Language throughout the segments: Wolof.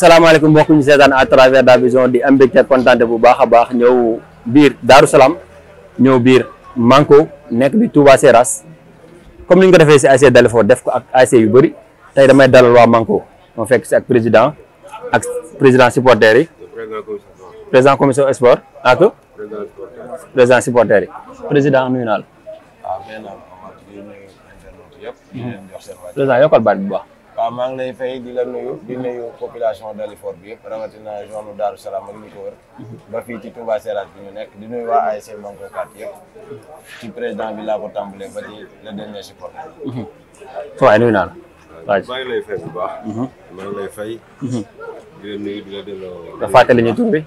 assalamualaikum bokku ñu sétane à travers Da Vision di am mbégte bu baaxa baax ñew biir daru salam ñew biir Manko nek bi Touba Seras comme ñu ko défé ci ac Dalifort def ko ak ac yu bari tay damay dalal wa Manko mo fekk ci ak président ak président supporter yi président commission sport ak président supporter yi président nuyu naa la ah, président yokal baat bu baax waaw maa ngi lay fay di la nuyu di nuyu population Dalifort bi yëpp rawatina zone Daaru Salaam ak li ko wër ba fii ci Touba a bi ñu nekk di nuyu waa ASC Manko 4 yëpp ci président bi laa ko tàmbalee ba ci le dernier support. waaw nuyu naa la. waaw maa ngi lay fay bu baax. Mhm. Mhm. la nuyu di la delloo. nga fàttali ñu tur bi.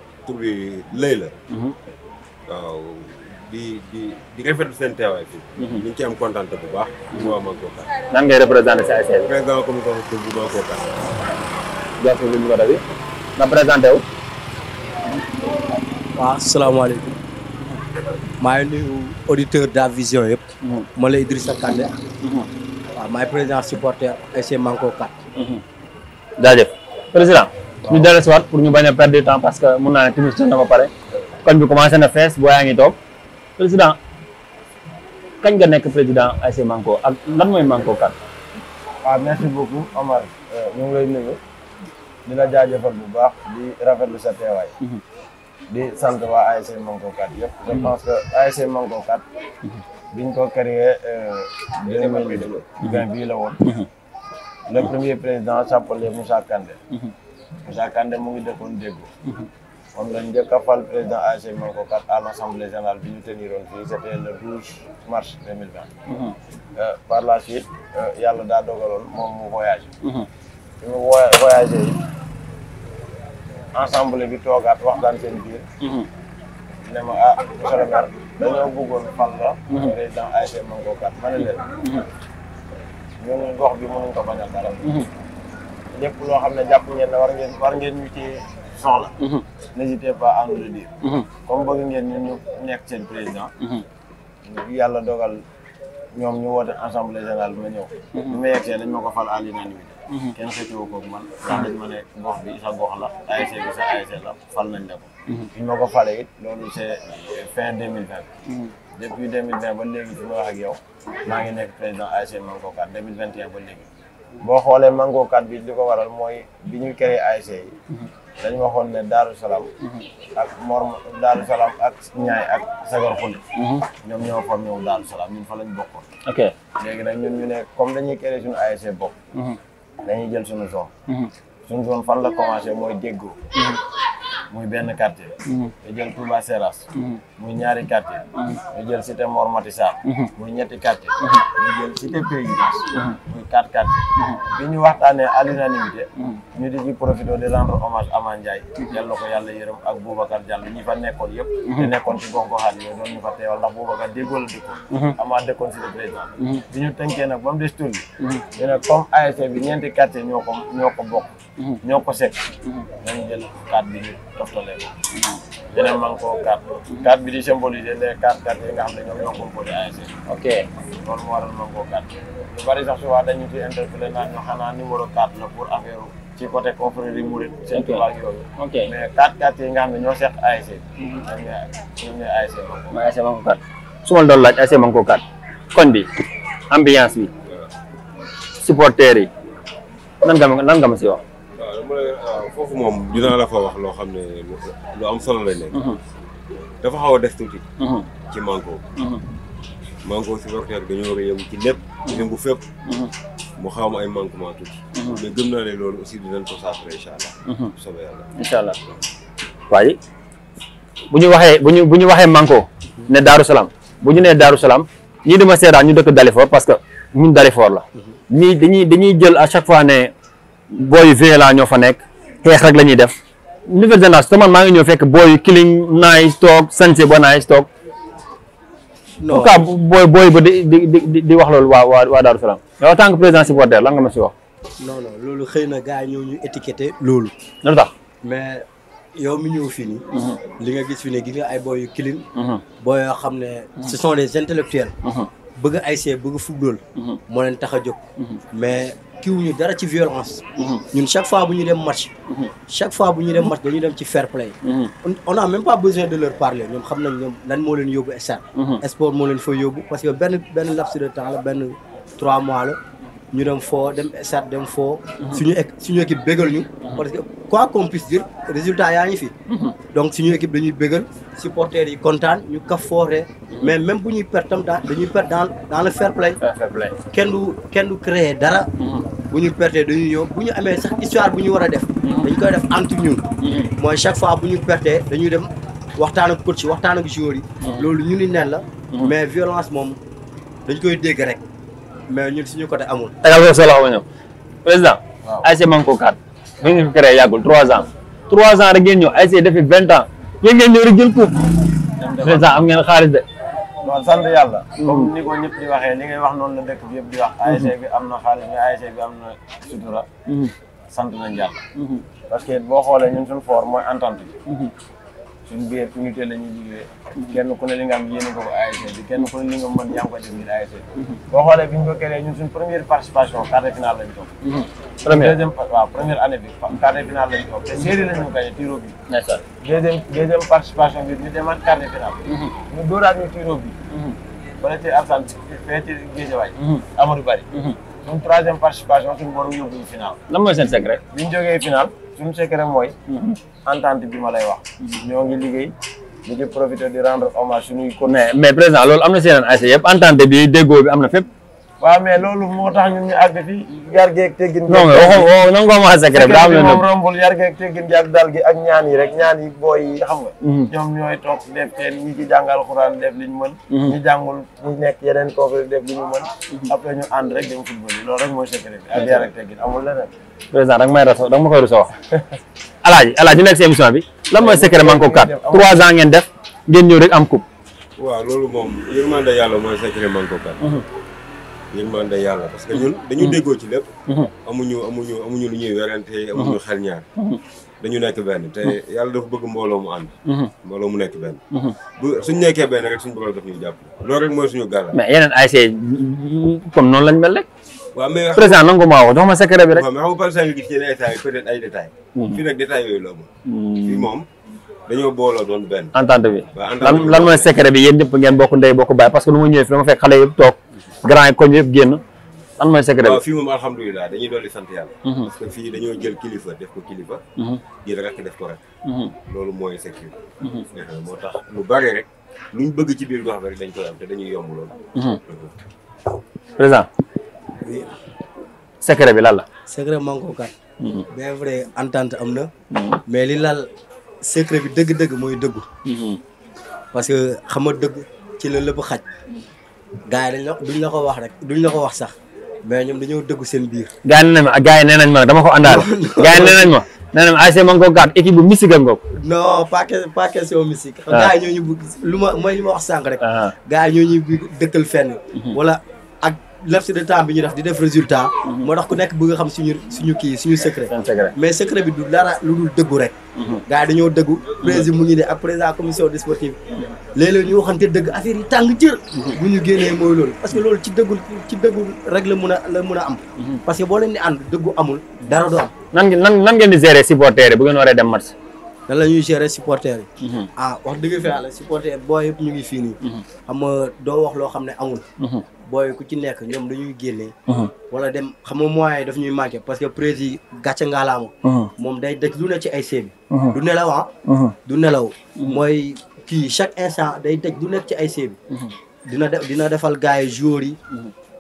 di di di rafetlu seen mhm. yang fii. ñu ngi ci am kontaan bu baax. bu waa Mankoka. nan ngay représenté si ASC bi. président commission bu Mankoka. jàpp ko wu. auditeur da vision yëpp. ma lay Idrissa Kandé. waaw maay président supporter ASC Mankoka. jaajëf président. ñu dellusiwaat pour ñu bañ perdre temps parce que timis na ba pare. kon bi commencé na fees boo président kañ nga nekk président ASC Manko ak lan mooy Manko kan. waaw merci beaucoup Omar euh, ñu ngi lay nuyu di la jaajëfal bu baax di rafetlu sa teewaay. Mhm. di sant waa ASC Manko 4 yëpp. je mhm. pense que ASC Manko 4. Mhm. biñ ko créé euh, deux mille vingt bii la woon. le premier président s'appelait Moussa Kandé. Moussa Kandé mu ngi dëkkoon Déggo. on lañ njëkk fal président ASC e, Mankokat à l' générale bi ñu teniroon fii le 12 mars 2020. Mhm. Euh, par la suite euh, yàlla daa dogaloon moom mu voyagé. Mhm. bi mu voyagé ensemble bi toogaat waxtaan seen biir. Mhm. ne ma ah monsieur le maire dañoo bëggoon fal la. président ASC e Mankokat ma ne leen. ñun gox bi mënuñ ko bañal dara. lépp loo xam ngeen war ngeen war ngeen ñu ci. soxla. Mhm. n'hésitez pas à nous le dire. Mhm. comme bëgg ngeen ñun ñu nekk seen président. Mhm. yàlla dogal ñoom ñu woote assemblée générale ma ñëw. bu ma yegsee dañ ma ko fal à l'unanimité. kenn xëccoo koog man. ndax dañ ma ne gox bi sa gox la. ASC bi sa ASC la fal nañ la ko. ñu ma ko falee it loolu c'est fin deux mille vingt. depuis deux mille vingt ba wax ak yow maa ngi nekk président ASC Mankokaat deux mille vingt et un ba léegi. boo xoolee màngookat bi li ko waral mooy bi ñuy créé ASC yi dañu waxoon ne Daaru Salaam ak Mor Daaru Salaam ak Ñaay ak Sagar Xul ñoom ñoo fa ñëw Daaru Salaam ñun fa lañ bokkoon ok léegi nag ñun ñu ne comme dañuy créé suñu ASC bopp mhm. dañuy jël suñu zone mhm. suñu zone fan la commencé mooy déggoo mhm. muy benn quartier. Mhm. nga jël Touba Seras. Mhm. muy ñaari quartier. Mhm. nga jël cité Mor Matissa. muy ñetti quartier. nga jël cité Pays muy quatre quartier. bi ñu waxtaanee à l'unanimité ñu di ci profité de rendre hommage Ama Ndiaye. yàlla ko yàlla yërëm ak Boubacar Diallo ñi fa nekkoon yëpp. te nekkoon ci gox-goxaat yooyu doon ñu fa teewal ndax Boubacar déggoo la dëkkoon. Ama dëkkoon ci le président. bi ñu tënkee nag ba mu des tur bi. ñu e bi ñeenti quartier ñoo ko ñoo ko bokk. ñoo ko sekk nañ jël carte bi ñu toftalee ya. ko yeneen man ko carte carte bi di symboliser les carte carte yi nga xam ne ñoom ñoo composé ASC ok loolu moo waral man ko carte lu bari sax souvent dañu ci interpellé naan ñu xanaa numéro carte la pour affaire ci côté confrérie yi mourid seen tubaab yooyu ok mais carte carte yi nga xam ne ñoo sekk ASC nggak ñoom ñooy ASC ma ASC Manko carte su doon laaj ASC Manko carte kon bi ambiance bi supporter yi nan nga nan nga ma si wax mu ne ah, foofu moom dinaa la fa wax loo xam ne lu am solo lay nekk. Mhm. dafa xaw a des tuuti. Mhm. ci manko. manko si waxtaan ak dañoo war a yëngu ci lépp. Mhm. yëngu fépp. mu xaw ma ay manquement tuuti. mais gëm naa ne loolu aussi dinañ ko saafara incha allah. bu soobee yàlla incha allah. waaye bu ñu waxee ne dama seetaan ñu dëkk Dalifort parce que ñun Dalifort la. ñii dañuy dañuy jël à chaque fois ne. booyu violent ñoo fa nekk xeex rek la ñuy def nouvelle génération te man maa ngi ñëw fekk booyu kiling nice toog sanse ba nice toog pourquoi booy booy ba di di di di wax loolu waa waa waa Daaru Salaam yow en tant président supporter lan nga si wax non non loolu xëy na gaa ñëw ñu étiqueté loolu lu tax mais yow mi ñëw fii nii mhm. li nga gis fi ne gis nga ay booy yu clean mhm. booy yoo xam ne mhm. ce sont des bëgg ay see bëgg football moo leen tax a jóg dara violence. Mhm. chaque fois qu'on un match. chaque fois match fair play. Mhm. on n'a même pas besoin de leur parler Nous savons mhm. que sport parce laps de temps trois mois nous dem nous dem équipe parce que quoi qu'on puisse dire résultat est fi. donc suñu équipe dañuy bégal supporters yi contents, nous sommes forts. mais même si nous perdons, dans le fair play. nous du dara. histoire chaque fois que nous perdons, nous dem waxtaan ak coach waxtaan nous sommes yi. Hmm. Nous la. Hmm. mais violence nous dañ koy mais ñun suñu côté amul. te ko sa loxo ma ñëw président. waaw ASC Manko 4. mi ngi fi créé yàggul 3 ans 3 ans rek ngeen ñëw ASC defi 20 ans yéen ngeen ñëw rek jël coupe. président am ngeen xaalis de. waaw sant yàlla. Mm-hmm. comme ni ko ñëpp di waxee li ngay wax noonu la dëkk bi yëpp di wax. Mm-hmm. ASC bi am na xaalis mais ASC bi am na sutura. Mm-hmm. sant nañ yàlla. parce que boo xoolee ñun suñu fort mooy entente suñu biir unité la ñuy liggéey kenn ku ne li nga am yéene ko ko ASC bi kenn ku ne li nga mën yaa ngi koy def ngir ASC bi mhm. boo bi ñu ko créé ñun suñu première participation quart de finale lañ toog mhm. première deuxième waaw première année bi de finale ñu gagné tiro bi deuxième deuxième participation bi ñu demaat quart de finale mhm. ñu Bari suñu troisième participation suñu borom yóbbuñu final lan mooy seen secret ñu jógee final suñu secret mooy entente bi ma lay wax ñoo ngi liggéey ñu ngi profité di rendre hommage suñuy ko mais mais président loolu am na seen ay yëpp entente bi déggoo bi am na fépp waaw mais loolu moo tax ñun ñu àgg fi yar geeg teggin. non mais waxoo waxoo na nga ko waxee secret daa am moom rombul yar geeg teggin gi ak dal gi ak ñaan yi rek ñaan yi booy yi xam nga. Mm-hmm. ñoom ñooy toog def teen ñi ci jàngal xuraan def li ñu mën. Mm-hmm. ñi jàngul ñi nekk yeneen conférence def li ñu mën. Mm-hmm. après ñu ànd rek dem football yi loolu rek mooy secret bi ak yar ak teggin amul leneen. président da nga may raso da nga ma koy rusa wax. alaaji alaaji ñu nekk si émission bi lan mooy secret Manko 4 trois ans ngeen def ngeen ñëw rek am coupe. waaw loolu moom yërmande yàlla mooy secret Manko 4 yërmande yàlla parce que mm-hmm. ñun dañu mm-hmm. déggoo ci lépp mm-hmm. amuñu amuñu lu ñuy werante amuñu xel ñaar dañu nekk benn te yàlla dafa bëgg mbooloo mu ànd mbooloo mu nekk benn bu suñ nekkee benn rek suñu borom daf ñuy jàpp loolu rek mooy suñu la moom fii moom dañoo booloo doon benn entente bi lan lan mooy secret bi yéen ñëpp ngeen bokk ndey bokk baay parce que lu ma ñëwee fi dama fekk xale yëpp toog grand yi koñ yëpp génn lan mooy secret bi. waaw dañuy dolli sant yàlla. Mhm. parce que fii dañoo jël kilifa def ko kilifa. di mhm. rek def ko rek. Mhm. loolu mooy secret eh, moo tax lu bari rek luñ bëgg ci biir gox bi rek dañ koy am te dañuy yomb loolu. président. secret bi lan la. secret maa ngi ko kat. bien vrai entente am na. mais li laal secret bi dëgg-dëgg mooy dëggu. parce que xam nga dëgg ci la lépp xaj. gars yi dañ la duñ la ko wax rek duñ la ko wax sax mais ñoom dañoo dëggu seen biir. gars yi nañ ma gars yi nee nañ ma dama ko àndaale. gars yi nee nañ ma nee nañ ma ASC ma nga ko gàtt équipe bu mystique ak ngoog. non pas que pas question mystique. Ah. waaw ñu bëgg lu ma mooy li ma wax sànq rek. Ah. gars yi ñoo ñu dëkkal fenn. Mhm. wala laps de temps bi ñu def di def résultat. moo tax ku nekk bëgg xam suñu suñu kii suñu secret. mais secret bi du dara lu dul dëggu rek. Mhm. gars yi dañoo dëggu. mu ngi ne ak président commission de sportive. léeg-léeg ñu waxante dëgg affaire yi tàng jër. Mhm. bu ñu génnee loolu parce que loolu ci dëggul ci dëggul rek la mun a la mun a am. Mhm. parce que boo leen di ànd dëggu amul dara du am. nan nan nan ngeen di gérer supporter yi bu ngeen waree dem match. nan la ñuy gérer supporter yi. ah wax dëgg fa yàlla supporter booy yëpp ñu ngi fii nii. xam doo wax loo xam ne amul. booy ku ci nekk ñoom dañuy génne. Uh-huh. wala dem xam nga moyens yi daf ñuy manqué parce que prési gàcce ngaalaama. Uh-huh. moom day daj lu ne ci ay sébi. Uh-huh. du nelaw ah. du nelaw mooy kii chaque instant day daj lu nekk ci ay sébi. dina def dina defal gars yi joueurs yi.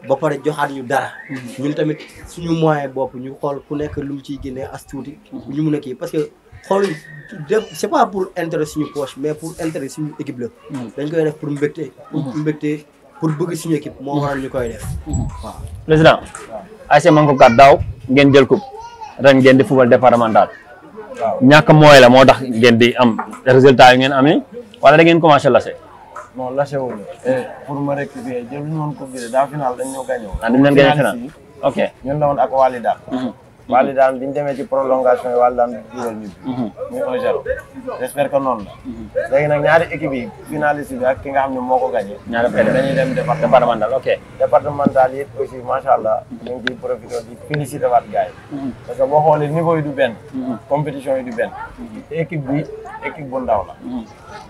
ba pare joxaat ñu dara. ñun tamit suñu moyen bopp ñu xool ku nekk lu mu ciy génnee as tuuti. ñu mun a kii parce que xool dem c'est pas pour intérêt suñu poche mais pour intérêt suñu équipe la. dañ koy def pour mbégte. pour mbégte. pour bëgg suñu équipe moo waral ñu koy def mhm. waaw président ASC Manko 4 daaw ngeen jël coupe ren ngeen di football départemental mooy la moo tax ngeen di am résultat yi ngeen amee wala da ngeen commencé lase non lase wu eh, pour ma récupérer jël ñu woon coupe bi daa ah, ok ñun la woon ak Walida mhm. wàllu daan bi ñu demee ci prolongation yi wàllu daan dugal ñu bi mhm. muy un zéro mhm. j'espère que noonu la mhm. léegi nag ñaari équipe yi finaliste bi ak ki nga xam ne moo ko gagné ñaari dañuy dem départemental ok départemental yi aussi macha allah ñu ngi ciy profité di félicité waat gars parce que boo xoolee niveau yi du benn compétition yi du benn équipe bi équipe bu ndaw la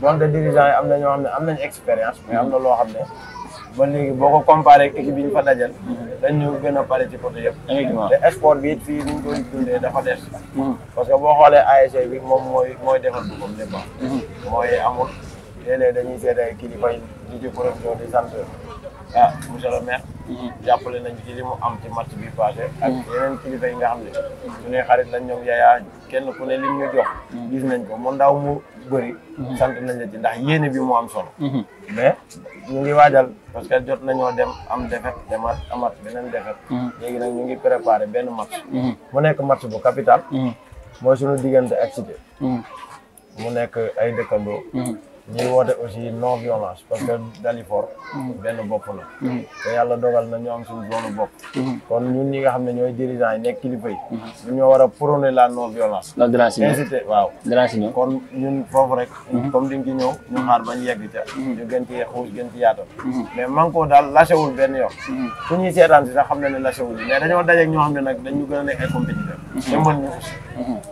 donc dirigeant yi am na ñoo xam ne am nañ expérience mais am na loo xam ne man léegi boo ko comparé ak équipe yi fa dajal. dañ ñu gën a pare ci côté yëpp. te sport bi it fii ni ñu koy dundee dafa des. Hmm. parce que boo xoolee ASC bi moom mooy mooy defar boppam lépp. Hmm. mooy amul léeg-léeg dañuy seet ay kilifa yi di borom ñoo di sant ah monsieur le maire mhm. jàppale nañ ci mu am ci match bi passé mhm. yeneen kilifa nga xam ne suñuy xarit lañ ñoom kenn ku ne lim ñu jox mhm. gis nañ ko mu ndaw mu bëri sant nañ la ci ndax yéene bi mu am solo mais ñu ngi waajal parce que jot nañoo dem am defet demaat amat beneen defet léegi nag ñu ngi préparé benn match mu nekk match bu capital mooy suñu diggante ak Cité mu nekk ay dëkkandoo ñuy woote aussi non violence parce que Dalifort mm. benn bopp la mm. te yàlla dogal na ñu am suñu zone bopp mm. kon ñu ñi nga xam ne ñooy dirigeants yi nekk kilifa yi ñun ñoo war la non violence non dinaa si ñëw incité waaw dinaa si ñëw kon ñun foofu rek mm-hmm. comme di nga mm-hmm. yaatal mm-hmm. mais man koo daal lâchewul benn yoo su ñuy seetaan si sax xam ne ne lâchewul mais dañoo dajeeg ñoo xam ne nag dañu gën a nekk ay compétiteur te ñu aussi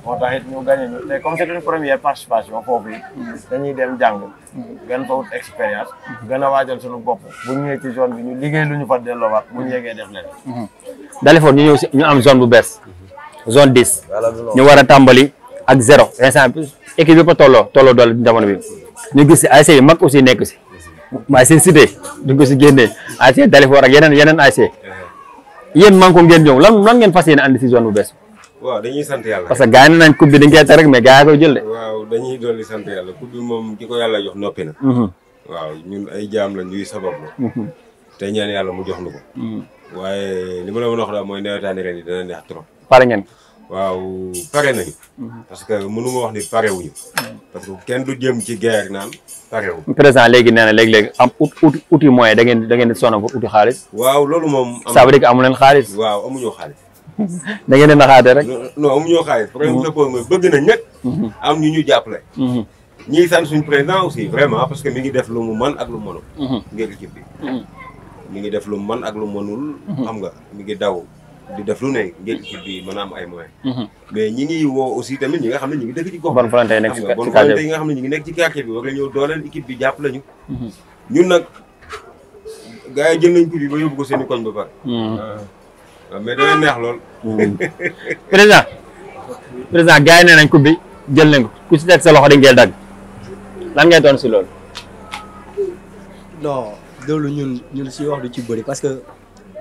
moo tax it ñu gagné ñu te comme foofu it dañuy dem jàng jàng gën fa wut expérience gën a waajal suñu bopp bu ñu ñëwee ci zone bi ñu liggéey ñu fa delloowaat bu ñu yeggee def mhm. ñu ñëw si ñu am zone bu bees zone dix ñu war a tàmbali ak zéro instant équipe bi ba tolloo tolloo doole jamono bi ñu gis si ASC mag aussi nekk si ASC cité duñ ko si génnee ASC Dalifort ak yeneen yeneen ASC mhm. yéen man ko ngeen ñëw lan ngeen fas yéene andi si zone bu bees waaw dañuy sant yàlla. parce que gars nañ coupe bi dañ koy teg rek mais gars yi sant yàlla coupe bi moom ki ko yàlla jox noppi na. Mhm. waaw ñun ay jaam la ñuy sabab la. Mhm. te yàlla mu jox nu ko. Mhm. waaye li ma la mën a wax daal mooy nawetaani ren yi dana neex trop. pare ngeen. waaw pare nañu. parce que mënu ma wax ni pare wuñu. parce que kenn du jëm ci guerre naan pare wu. président léegi nee na léegi-léegi am ut ut uti moyen da ngeen da ngeen di sonn pour uti xaalis. waaw loolu moom. am ça veut dire amu leen xaalis. waaw amuñu xaalis. da ngeen di naxaate rek. non ñoo xay problème bi la boobu bëgg nañ nag. Mhm. am ñu ñu jappalé mhm. ñi sant suñu président aussi vraiment parce que mi ngi def lu mu man ak lu mënul. Mhm. ngir ci bi. mi ngi def lu mu man ak lu mënul. xam nga mi ngi daw. di def lu ne ngeen ci bi mën am ay moyens. mais ñi ngi wo aussi tamit ñi nga xam ñi ngi dëgg ci gox. bon volonté nek ci bon volonté nga xam ñi ngi nek ci quartier bi war na ñëw dooleel équipe bi japp lañu. ñun nak gaay jël nañ ko bi ba yobbu ko seen koñ ba pare. Ah. mais dooy neex lool. président président gars yi nañ coupe bi jël nañ ku si teg sa loxo dañ koy dagg lan doon si loolu. non loolu ñun ñun si wax du ci bëri parce que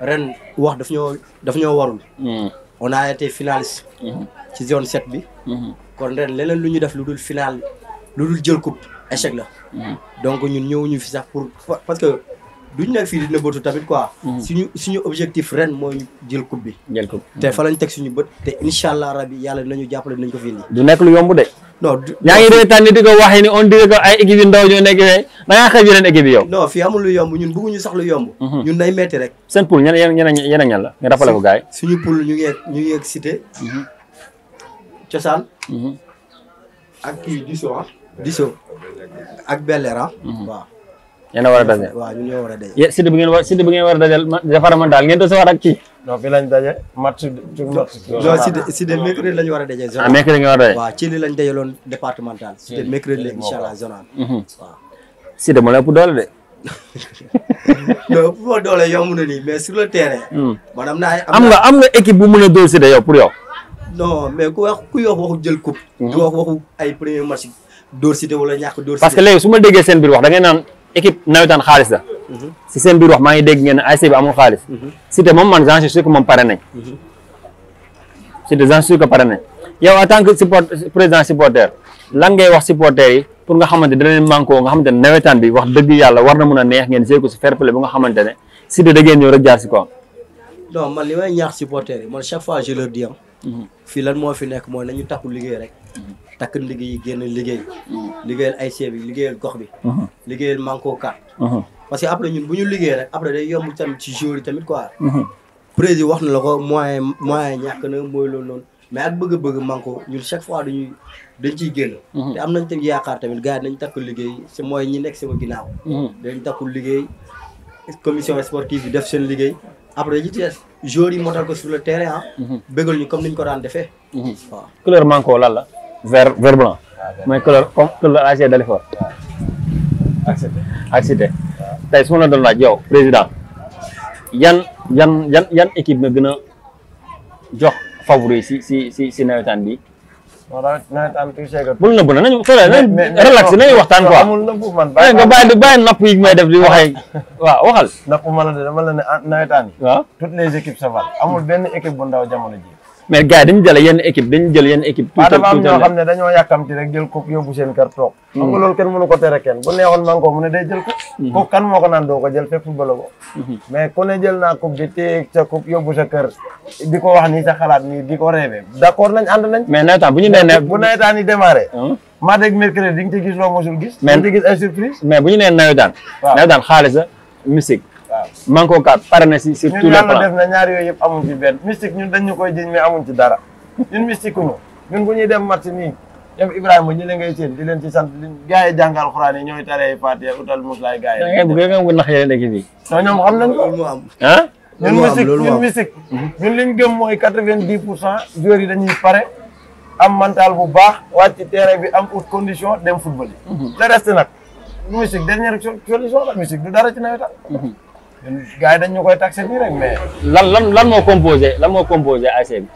ren wax daf ñoo daf ñoo warul. Hmm. on a été hmm. ci zone set bi. Hmm. kon ren leneen lu ñu def lu dul final lu dul jël coupe échec la. donc ñun ñëwuñu fi sax parce que. duñ nekk fii di nëbbatu tamit quoi. Mhm. suñu suñu objectif ren mooy jël coupe bi. jël coupe te fa lañ teg suñu bët incha allah rabi yàlla nañu jàppale nañ ko fi indi. du nekk lu yomb de. non du yaa ngi reetaan ni di ko ni on dirait que ay équipe yu ndaw ñoo nekk fee da ngaa xëy yeneen équipe yi yow. non fii amul lu yomb ñun bëgguñu sax lu yomb. Mhm. ñun nay metti rek. seen poule ñenn ñenn ñenn ñenn ñan la nga rappelé ko gars ñu ngi ñu ngi cité. Mhm. cosaan. ak kii Diso ah. Diso Bellera yéen a war a daje ñoo si ngeen war si bi ngeen war dajal Jafara man daal ngeen doon si ak non fii lañ daje match. non si de si de mercredi lañ war a daje. ah mercredi nga war a daje. waaw ci li lañ dajaloon départemental. si mercredi la incha allah zonal. waaw si de moo la ëpp doole de. non bu ma doole yomb na nii mais sur le terrain. maanaam naa am nga am nga équipe bu mën a dóor si yow pour yow. non mais ku wax ku yox waxu jël coupe. wax mhm. waxu ay premier match si wala ñàkk dóor si parce que léegi su ma wax da ngay équipe nawetaan xaalis la mhm. si seen biir wax maa ngi dégg ngeen ne ASC bi amul xaalis mhm. Cité moom man j'en suis sûr que moom pare nañ mhm. Cité j'en suis sûr que pare nañ yow en tant que support président supporter lan ngay wax supporter yi pour nga xamante da leen manqué nga xamante ne nawetaan bi wax dëgg yàlla war na mun a neex ngeen jéego si fair play bu nga xamante ne si da ngeen ñëw rek jaar si kawam non man li may ñaax supporter yi man chaque fois je leur dis am fii lan moo fi nekk mooy nañu takku liggéey rek takk liggéey yi génn liggéey mm-hmm. liggéeyal ay bi liggéeyal gox bi mm-hmm. liggéeyal manko ka mm-hmm. parce que après ñun bu ñu liggéey rek après day yomb tamit ci jour yi tamit quoi président wax na la ko moyen moyen ñàkk na mooy loolu noonu bëgg-bëgg manko ñun chaque fois dañuy dañ ciy génn te am nañ tamit yaakaar tamit gars yi nañ takk liggéey si mooy ñi nekk sama ginnaaw dañ takku liggéey commission sportive bi def seen liggéey après li ci des joueurs yi motal ko sur le terrain ah ñu comme niñ ko daan defee waaw couleur manko la Ah, vert blanc. mooy couleur comme couleur AG ak Cité tey su ma la doon laaj yow président yan yan yan yan équipe jox favori si si si si nawetaan bi. non nawetaan tuuti see bul nëbbu na nañu xëy na relax nañu waxtaan quoi amul nëbbu man. bàyyi eh, nga bàyyi bàyyi napp yi may def di waxee. waxal. napp ma la de dama la ne ah, nawetaan amul benn équipe jamono ji. mais gars yi dañu jël yenn équipe dañu jël yenn équipe. tuutal ñoo xam ne dañoo yàkkamti ko yóbbu hmm. kenn mënu ko tere kenn bu neexoon man ko mu day jël ko. Hmm. kooku kan moo ko naan doo ko jël fekk football ko. Hmm. mais ku jël naa coupe bi téye sa coupe yóbbu sa kër di ko wax nii sa xalaat ni di ko rêvé. d' accord nañ ànd mais nawetaan bu ñu nee bu nawetaan i démarré. mardi ak mercredi di nga ci gis loo mosul gis. gis ay bu ñu nee nawetaan. waaw nawetaan xaalis la manko kaat parna ci si sur tous def na ñaar yooyu amuñ fi ben mystique ñun dañ ñukoy koy mi amuñ ci dara ñun mystique ñu ñun bu ñuy dem match nii yow ñu la ngay seen di leen ci sant di gaay jangal qur'an yi ñooy taree utal da ngay nga nax bi xam nañ ko. Ah? ñun mystique ñun mystique mhm. ñun liñ gëm moy 90% joori dañuy pare am mental bu baax wàcc terrain bi am out condition dem football mhm. le reste nak musique dernière solution la musique du dara ci gars yi dañ ñu koy taxé nii rek mais. lan lan lan moo composé lan moo composé ASC bi.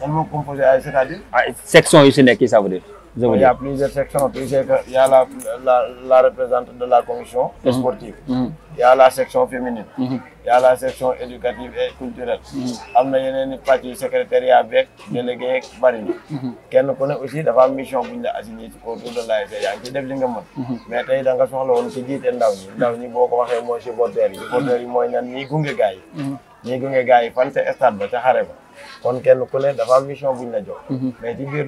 lan moo composé ASC c'est-à-dire. section yu si nekk yi ça veut dire. Je il y a plusieurs sections. Tu sais il y la, la, la, de la commission mm -hmm. la section féminine. Mm la section éducative et culturelle. Mhm. am na yeneen parti secrétariat beeg délégué yeeg bari mhm. kenn ku ne aussi dafa am mission bu ñu la assigné ci autour de l'ASC yaa ngi def li nga mën. Mhm. mais tey da nga soxla woon ci jiite ndaw ñi ndaw ñi boo ko waxee mooy supporters yi. supporters yi mooy ñan ñiy gunge gars yi. gunge gars fan ca stade ba ca xare kon kenn ku ne dafa mission bu ñu la jox. mais ci biir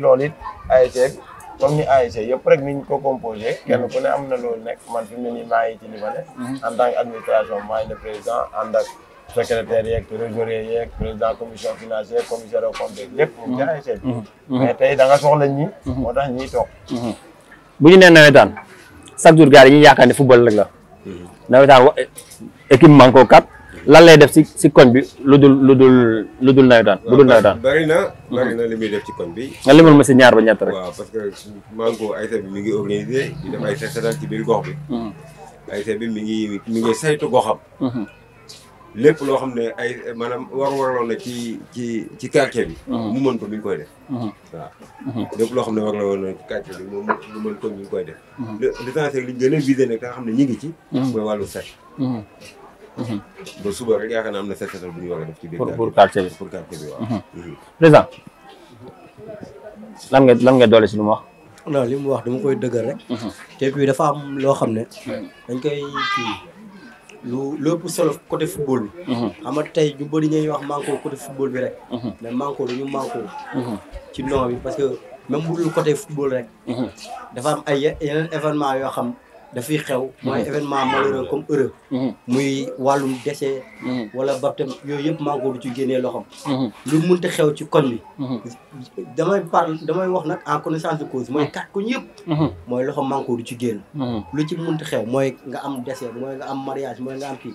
comme ni ASC yëpp rek niñ ko composé. kenn ku ne am na loolu nekk man fi mu ne nii maa ngi ci li ma ne. en tant que administration maa ngi le président ànd ak secrétaire yeeg trésorier yeeg président commission mhm. Mhm. Mhm. tey da nga soxla ñi moo tax ñiy toog. bu ñu nee nawetaan chaque jour gars yi ñu yaakaar football rek la. nawetaan wa kat. lan lay def si si koñ bi lu dul lu dul lu dul nawetaan bu dul nawetaan bari na bari mhm. na li muy def ci koñ bi nga limal ma si ñaar ba ñett rek waaw parce que manko ayta ngi organisé di def ay seetal ci biir bi mhm. ayta mi ngi mi ngi saytu goxam mhm. lépp loo xam ne ay maanaam war waraloon na ci ci ci quartier bi mu mën ko mi ngi koy def waaw lépp loo xam ne war la woon na ci quartier bi mu mën ko mi ngi koy def l'essentiel li ñu gën a visé xam ne ñu ngi ci mooy wàllu set Mhm. ba suba rek yaakaar naa am na set setal bu ñu war a def. ci biir quartier bi pour quartier bi pour quartier bi waaw. Mhm. Mhm. président lan nga lan nga doole si lu mu wax. non li mu wax dama koy dëggal rek. te puis dafa am loo xam ne. dañ koy kii. lu lépp solo côté football bi. xam nga tey ñu bëri ñuy wax manko côté football bi rek. mais manko du ñu manko. ci nom bi parce que même bu dul côté football rek. dafa am ay yeneen événement yoo xam. dafay xew mm-hmm. mooy événement malheureux comme heureux mm-hmm. muy wàllum décès mm-hmm. wala baptême yooyu yëpp maa ngi ci génnee loxom lu mënta xew ci kon bi damay parle damay wax nag en connaissance de cause mooy kat koñ yëpp mooy loxom maa ngi ci génn lu ci mënta xew mooy nga am décès mooy nga am mariage mooy nga am kii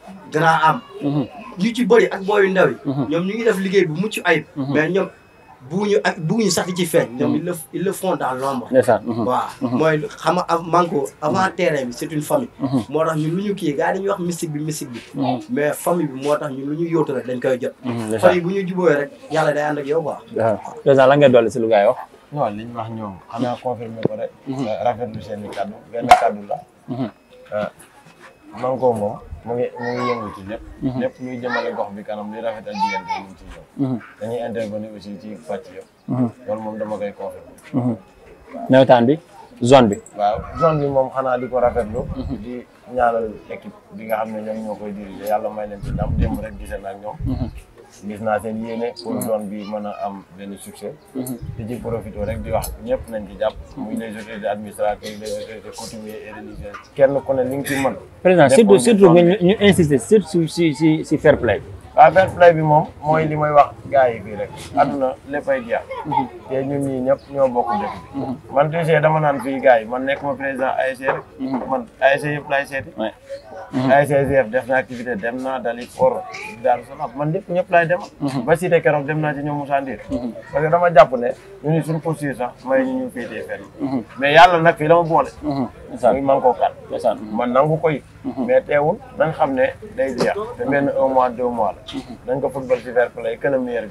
danaa am. Mhm. ñu ci bëri ak booyu ndaw yi. Mhm. ñoom ñu ngi def liggéey bu mucc ayib. Mhm. mais ñoom buñu ak buñu sax di ci feeñ. ñoom ils le ils le font dans l'ombre. waaw mooy xam nga manko avant terrain bi c'est une famille. moo tax ñun lu ñu kii gars yi dañuy wax mystique bi mystique bi. mais famille bi moo tax ñun lu ñu yoot rek dañ koy jot. famille bu ñu jubóoyee rek yàlla day ànd ak yow quoi. waaw président lan nga dolli si wax. non xam naa ko rek. Euh, rafetlu seen la. Euh, manko mu ngi mu ngi yëngu ci lépp. Mhm. lépp luy jëmale gox bi kanam rafet a jigéen bi ñu ci yow. Mhm. dañuy intervenir aussi ci pàcc yëpp. Mhm. loolu moom dama koy confirmer. nawetaan bi zone bi. waaw zone bi moom xanaa di ko rafetlu. di ñaanal équipe bi nga xam ne ñoom ñoo koy diriger yàlla may leen ci ndam jëmm rek gisee na ak ñoom. gis naa seen yéene pour zone mm-hmm. bi mën a am benn succès mm-hmm. di ci profité rek di wax ñëpp nañ ci jàpp muy les autorités administratives les autorités coutumières et religieuses kenn ku ne li nga ci mën président surtout surtout insister surtout si si si fair play waaw ah, fair play bi moom mooy li may wax gaa yi fii rek adduna mm-hmm. léppay jeex te ñu ñii ñëpp ñoo bokk dëkk bi man toujours dama naan fii gars yi man nekk ma président ASC rek man ASC yëpp laay seeti ASC mm-hmm. def na activité dem naa dali for daaru salaam man lépp ñëpp laay dem mm-hmm. ba cité keroog dem naa ci ñoom Moussa Ndir mm-hmm. parce que dama jàpp ne ñu ni suñu posture sax may ñu ñu féetee fenn mais yàlla nag fii la ma boole muy man koo kat man nangu koy mais teewul nañ xam ne day jeex te benn un mois deux mois la nañ ko football si fair play que le meilleur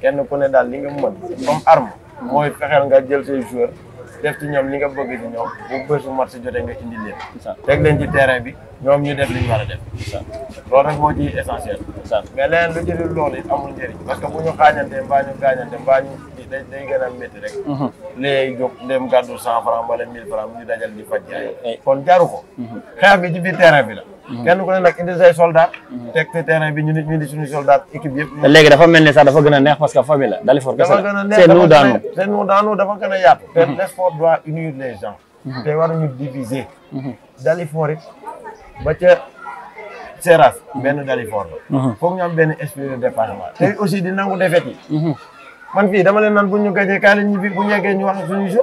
kenn ku ne daal li nga mën moom arme mooy fexeel nga jël say joueur def ci ñoom li nga bëgg ci ñoom bu bësu match jotee nga indi leen teg leen ci terrain bi ñoom ñu def li ñu war a def loolu rek moo ci essentiel mais leneen lu jëlul loolu amul njëriñ parce que bu ñu xaañante mbaa ñu gaañante mbaa ñu day day gën a métti rek mhm. léegi jóg dem gàddu cent franc wala mille franc ñu dajal di faj ay eh, eh. kon jaru ko mhm. xeex bi ci biir terrain bi la Mm. kenn ku ne nag indi say soldat mm. te terrain bi ñu ñu di suñu soldat équipe yëpp léegi dafa mel ni sax dafa gën a neex parce que famille la Dalifort kese la c'est nous dans nous c'est nous dans nous dafa gën a mm-hmm. te le sport doit unir les gens mm-hmm. te waruñu diviser mm-hmm. Dalifort it ba ca Seras benn Dalifort la foog ñu am benn esprit de dépassement te aussi di nangu défaite man fii dama leen naan bu ñu gagné kaay la ñu fi bu ñu ñu wax suñu jeu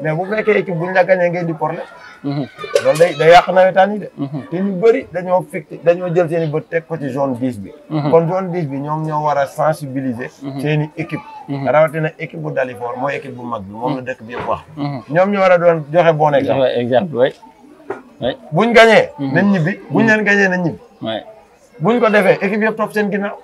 mais bu fekkee équipe bu ñu la gagné ngay di porle Mm-hmm. loolu day day yàq nawetaan yi de. Mm-hmm. te ñu bëri dañoo fixé dañoo jël seen i bët teg ko ci zone bi. Mm-hmm. kon zone dix bi ñoom ñoo war a sensibiliser. seen i équipe. rawatina bu bu Dalifort mooy équipe bu mag bi moom la dëkk bi yëpp wax. ñoom ñu war a doon joxe bon exemple. exemple oui oui. buñ gañee. nañ ñibbi buñ leen gañee nañ ñibbi. buñ ko defee équipe yëpp topp seen ginnaaw.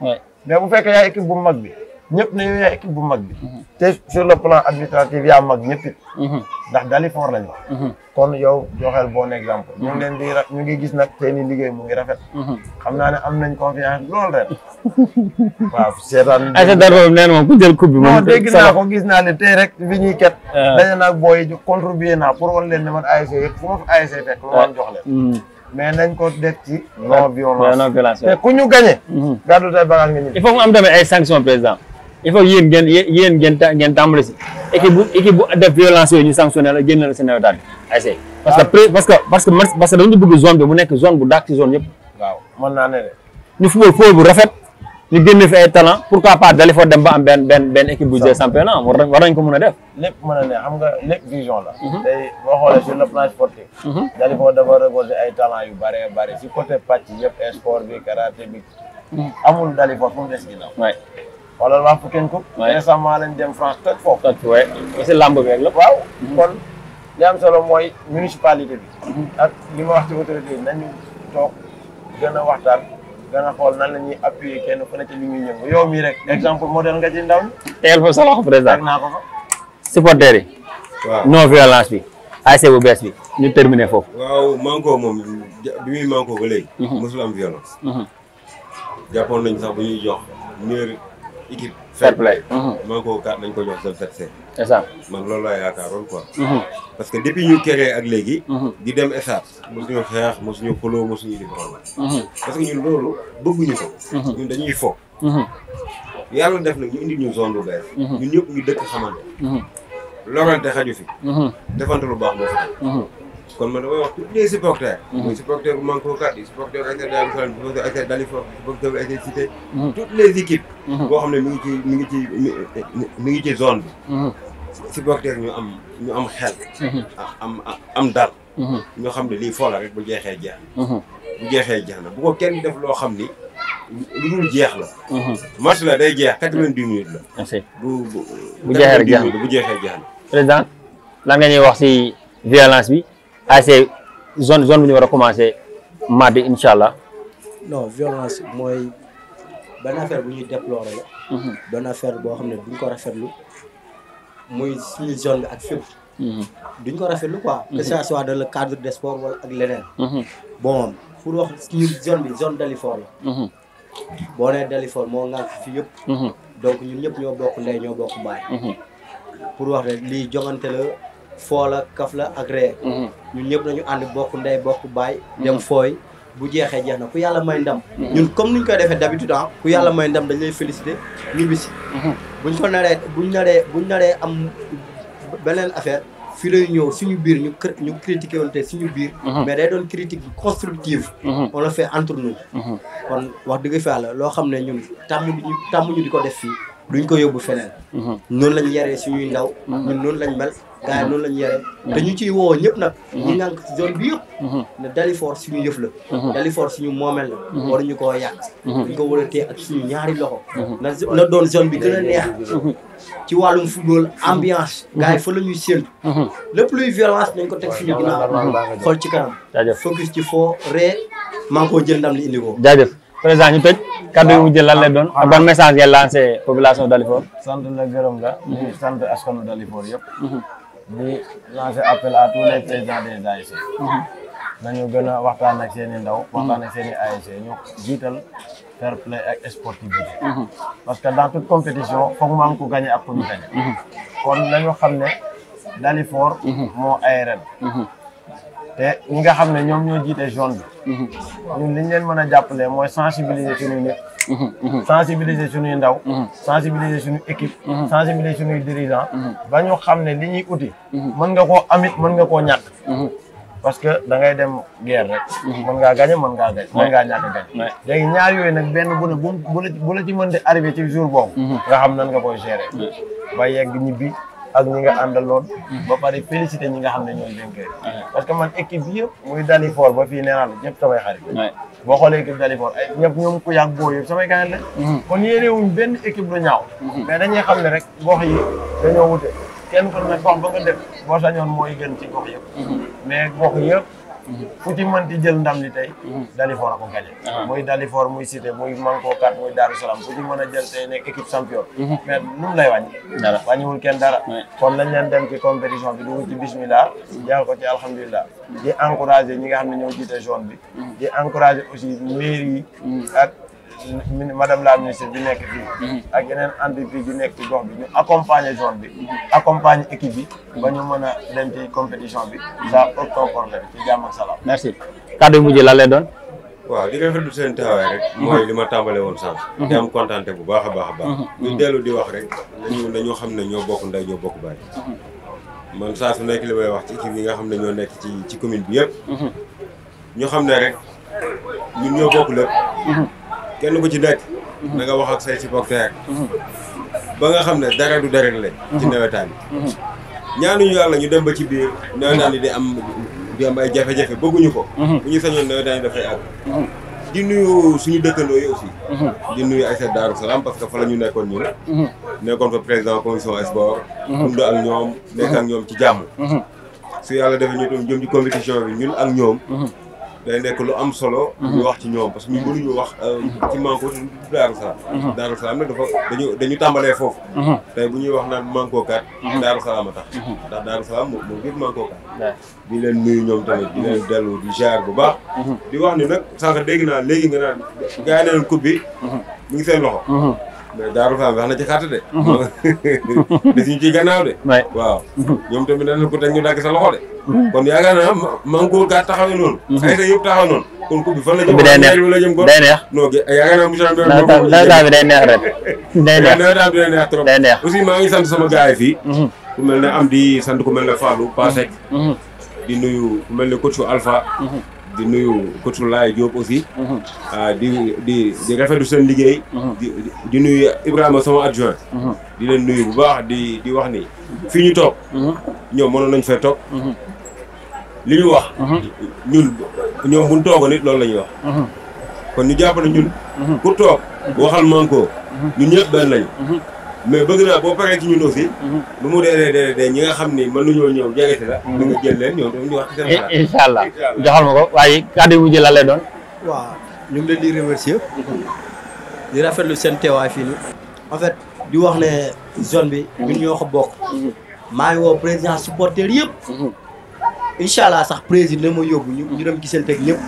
mais bu fekkee yaay équipe bu mag bi. ñépp na yow yaay équipe bu mag bi. Mhm. te sur le plan administratif yaa mag ñëpp mhm. ndax dali fort lañu. Mhm. kon yow joxeel bon exemple. ñu ngi leen di ñu ngi gis nag seeni liggéey mu ngi rafet. xam naa ne am nañ confiance lool ren. waaw seetaan. ayca dara boobu nee na moom ku jël coupe bi. moom dégg naa ko gis naa ne te rek bi ñuy ket. Ah. dañu naan booy contribuer naa pour wan leen ne man ASC yëpp fu ma fa ASC fekk lu ma jox leen. Ah. mais nañ ko def ci non violence. non violence te ku ñu gagné. gàddu tay bagage nga ñu. il il faut yéen ngeen yéen ngeen ngeen tàmbali bu équipe bu def violence yooyu ñu sanctionné la génn ah. parce que parce que parce que parce que dañu bëgg zone bi mu nekk zone bu dàq ci zone yëpp waaw mën naa ne de ñu football football bu rafet ñu génn fi ay talent pourquoi pas dali fa dem ba am benn benn benn équipe bu jël championnat war nañ ko mën a def lépp mën ne xam vision la mhm. tey mhm. dafa récolté ay talent yu bëree bëri si côté pàcc yëpp sport bi karaté bi mhm. amul dali xoolal waa Founkiane Coupe. waaye récemment lañ dem France toj foofu. si làmb bi la. waaw kon li am solo mooy municipalité bi. ak li ma wax ci autorité yi nañu toog gën a waxtaan gën a xool nan la ñuy appuyer kenn ku ne ci li ñuy yëngu yow mii rek. exemple modèle nga ci ndaw ñi. tegal président teg naa ko fa. yi. waaw non violence bi. ASC bu bees bi ñu terminé foofu. waaw manko moom bi muy manko ba léegi. mosul mhm. am violence. Mhm. jàppoon nañ sax bu ñuy jox. équipe fair play mhm. moo ko kat nañ ko jox seen verset esat man loolu laa yaakaaroon quoi mhm. parce que depuis ñu créé ak léegi mhm. di dem esat mosuñu xeex mosuñu xuloo mosuñu di problème parce que ñun loolu bëgguñu ko ñun dañuy foog yàlla def nag ñu indi ñu zone bu bees ñëpp ñu dëkk xamante lorante xaju fi defante baax moo fi kon man damay wax tous les supporters. Mhm. muy supporter bu Mankoka di supporter ASC Daarou Salaam di supporter ASC Dalifort di mhm. mhm. boo xam ne mu ngi ci mi ngi ci mi ngi ci zone bi. supporter ñu am ñu am xel. am am dal. ñoo xam ne lii foo rek bu jeexee jeex na. bu jeexee jeex na bu ko kenn def loo xam ni jeex la. match la day jeex quatre-vingt-dix minutes bu bu bu jeexee jeex na bu jeexee jeex na. président lan nga ñuy wax ci violence bi. ASC ah, zone zone bi ñu war a commencé bi incha allah. non violence mooy benn affaire bu ñuy déplorer la. Mhm. benn boo xam ne duñ ko rafetlu muy suñu zone bi ak fépp. Mhm. duñ ko rafetlu quoi. Mhm. que ça soit dans le cadre des sports wala ak leneen. bon pour wax suñu zone bi zone Dalifort la. boo nee moo ŋànk fi yëpp. donc ñun ñëpp ñoo bokk ndey ñoo bokk baay. pour wax rek lii jongante la. foo la kaf la ak ree mhm. ñun ñëpp nañu ànd bokk ndey bokk baay mhm. dem fooy bu jeexee jeex na ku yàlla may ndam mhm. ñun comme niñ koy defee d'habitude ah ku yàlla may ndam dañ lay féliciter ñibbisi buñ ko naree buñ naree buñ naree am beneen affaire fii lay suñu biir ñu ñu critiqué woon te suñu biir mais day doon critique constructive on le fait entre nous kon wax dëgg fa yàlla loo xam ne ñun tàmm ñu tàmm ñu di ko def fii duñ ko yóbbu feneen noonu lañ yaree suñuy ndaw ñun noonu lañ mel gars yi noonu la ñu yore te ñu ciy woo ñëpp nag ñi ngànk mhm. ci zone bi yëpp mhm. ne Dalifort suñu yëf la mhm. Dalifort suñu moomeel la waruñu koo yàq ñu ko war a téye ak suñu ñaari loxo na doon zone bi gën a neex ci wàllum football ambiance gars yi fa la ñuy séentu lépp ko teg suñu ginnaaw xool ci kanam koo jël ndam li indi ko jaajëf président ñu tëj la gërëm la ñu sant askanu Dalifort yëpp di lancer appel à tous les présidents des ASC. nañu waxtaan ak seen ndaw. waxtaan ak seen i ASC ñu jiital fair play ak sportivité. parce que dans toute compétition foog mu am ku gagné ak ku ñu kon nañu xam ne Dalifort. moo ay ren. te ñi nga xam ne ñoom ñoo jiite zone bi. ñun li ñu leen mën a jàppale mooy sensibiliser suñu nit. sensibiliser suñuy ndaw sensibiliser suñu équipe sensibiliser suñuy dirigeant ba ñu xam ne li ñuy uti mën nga koo amit mën nga koo ñàkk parce que da ngay dem guerre rek man ngaa gañe mën ngaa gañ mën ngaa ñàkk gañ léegi ñaar yooyu nag benn bu ne bu bu la ci mën di arrivé ci jour boobu nga xam nan nga koy gérer ba yegg ñibbi ak ñi nga lool ba pare félicité ñi nga xam ne ñooy vainqueur parce que man équipe yëpp muy Dalifor ba fii nee naa la ñëpp samay xarit. boo xoolee équipe Dalifor ay ñëpp ñoom ku yàgg boo yëpp samay gaañ la. Mm-hmm. kon yéenewuñ benn équipe lu ñaaw. Mm-hmm. mais dañuy xam ne rek gox yi dañoo wute kenn ku ne gox ba nga boo sañoon mooy gën ci gox yëpp. Mm-hmm. mais gox yëpp. fu ci mën di jël ndam li tey mm-hmm. Dalifort a ko gagné uh-huh. muy Dalifort muy Cité muy Mankookat muy Daaru Salaam fu ci mën a jël tey nekk équipe champion mm-hmm. mais nu mu lay wàññi dara wàññiwul kenn dara kon lañ leen dem ci compétition bi dugg ci bismillah jàll ko ci alhamdulilah di encouragé ñi nga xam ne ñoo jiite sone bi mm-hmm. di encouragé aussi mairie yi ak madame la ministre bi nekk fii. ak yeneen entreprise yi nekk ci gox bi ñu accompagner zone bi. accompagner équipe bi. ba ñu mën a dem ci compétition bi. ça aucun problème ci jàmm ak salaam. merci kàddu yu mujj la leen doon. waaw di rafetlu seen taxawaay rek. mooy li ma tàmbale woon sànq. Mhm. di am kontaante bu baax a baax a baax. Mhm. ñu dellu di wax rek. nañu nañoo xam ne ñoo bokk ndey ñoo bokk baay. Mhm. man saa su nekk li may wax ci équipe yi nga xam ne ñoo nekk ci ci commune bi yëpp. ñu xam ne rek ñun ñoo bokk kenn ku ci nekk. na wax ak say supporters. ba nga xam ne dara du dara le ci nawetaan yi. ñaanuñu yàlla ñu dem ba ci biir nawetaan yi di am di am ay jafe-jafe bëgguñu ko. Mhm. bu ñu sañoon nawetaan yi dafay àgg. Mhm. di nuyu suñu dëkkandoo yi aussi. Mhm. di nuyu ay seet Daaru Salaam parce que fa la ñu nekkoon ñun. nekkoon fa président commission sport. dund ak ñoom nekk ak ñoom ci jàmm. su yàlla defee ñu itam jëm ci compétition bi ñun ak ñoom. day nekk lu am solo. Mhm. ñu wax ci ñoom parce que ñu mënuñu wax euh, ci Manko du Daaru Salaam. Mhm. Daaru Salaam nag dafa dañu dañu tàmbalee foofu. Mhm. tey bu ñuy wax naan Manko kat. Daaru Salaam a tax. ndax Daaru Salaam moo moo gën Manko kat. di leen nuyu ñoom tamit di leen dellu di jaar bu baax. di wax ni nag sànq dégg naa léegi nga naan gars yi ne leen coupe bi. mu ngi seen loxo. mais Darou Fane wax na ci xaatu de. Mhm. des ñu ciy gannaaw de. waaw mhm. ñoom tamit danañ ko teg ñu dagg sa loxo de. Mhm. kon yaakaar naa ma ma gaa taxawee noonu. ay sa yëpp taxaw noonu. kon coupe bi fan la jëm. day neex la jëm day neex. non yaakaar naa monsieur Mbembe bi day neex ren. day neex nawetaan bi day neex trop. day neex aussi maa ngi sant sama gars yi fii. ku mel ne am di sant ku mel ne Fallou Pasek. di nuyu ku mel ne coach Alpha. di nuyu coach Laye Diop aussi. Uh-huh. Ah, di di di rafetlu seen liggéey. Uh-huh. di di nuyu Ibrahima sama adjoint. Uh-huh. di leen nuyu bu baax di di wax ni. fii ñu toog. ñoom mënoon nañ fee toog. li ñu wax. ñun ñoom bu ñu toogoon it loolu la ñuy wax. kon ñu jàpp ne ñun. pour toog waxal manko ñun ñëpp benn lañu. mais bëgg naa boo paree ci ñun aussi. lu mhm. mu dee dee dee ñi nga xam ni mën nañoo ñëw jege si la. ñu mhm. nga jël leen ñoom ñu wax ci seen allah joxal ma waaye kàddu yi mujj la lay ñu ngi leen di remercier. Mhm. di rafetlu seen teewaay fii nii. en fait di wax ne zone bi. ñun ñoo ko bokk. maa ngi woo président supporter yëpp. incha allah sax président ma yóbbu ñu ñu dem gisante ak ñëpp.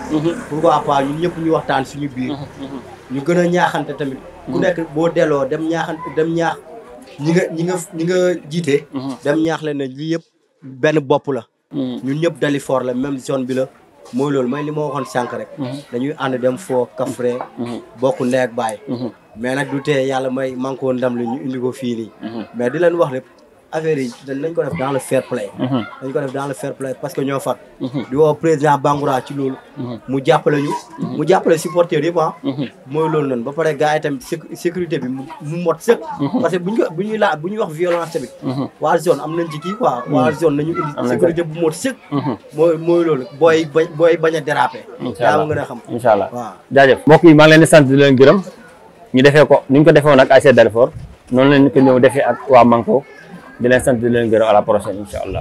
pourquoi pas ñun ñëpp ñu waxtaan suñu biir. ñu gën a ñaaxante tamit. ku nekk boo delloo dem ñaaxante dem ñaax. ñi nga ñi nga ñi nga jiite. Mhm. dem ñaax leen ne lii yëpp benn bopp la. Mhm. ñun ñëpp dali fort la même zone bi la mooy loolu mooy li ma waxoon sànq rek. Mhm. dañuy ànd dem foo kafre bokk ndey ak baay. mais nag du tee yàlla may manqué woon ndam li ñu indi ko fii nii. mais di leen wax rek affaire yi dañ ko def dans le fair play mhm. dañ ko def dans le fair play parce que ñoo far mhm. di woo président Bangoura ci loolu mhm. mu jàppale ñu mu jàppale supporters yëpp ah mooy loolu noonu ba pare gars yi tamit sécurité bi mu mot sëkk parce que bu ñuy laa bu ñuy wax violence tamit waa zone am nañ ci kii quoi waa zone nañu indi sécurité bu mot sëkk mooy loolu booy bañ booy bañ a déraper yaa ma gën a xam incha allah waaw jaajëf mbokk maa leen di sant di leen gërëm ñu defee ko ni ñu ko defee woon ak ASC Dalifort noonu lañ ko ñëw defee ak waa Manko di leen sant di leen gërëm à allah.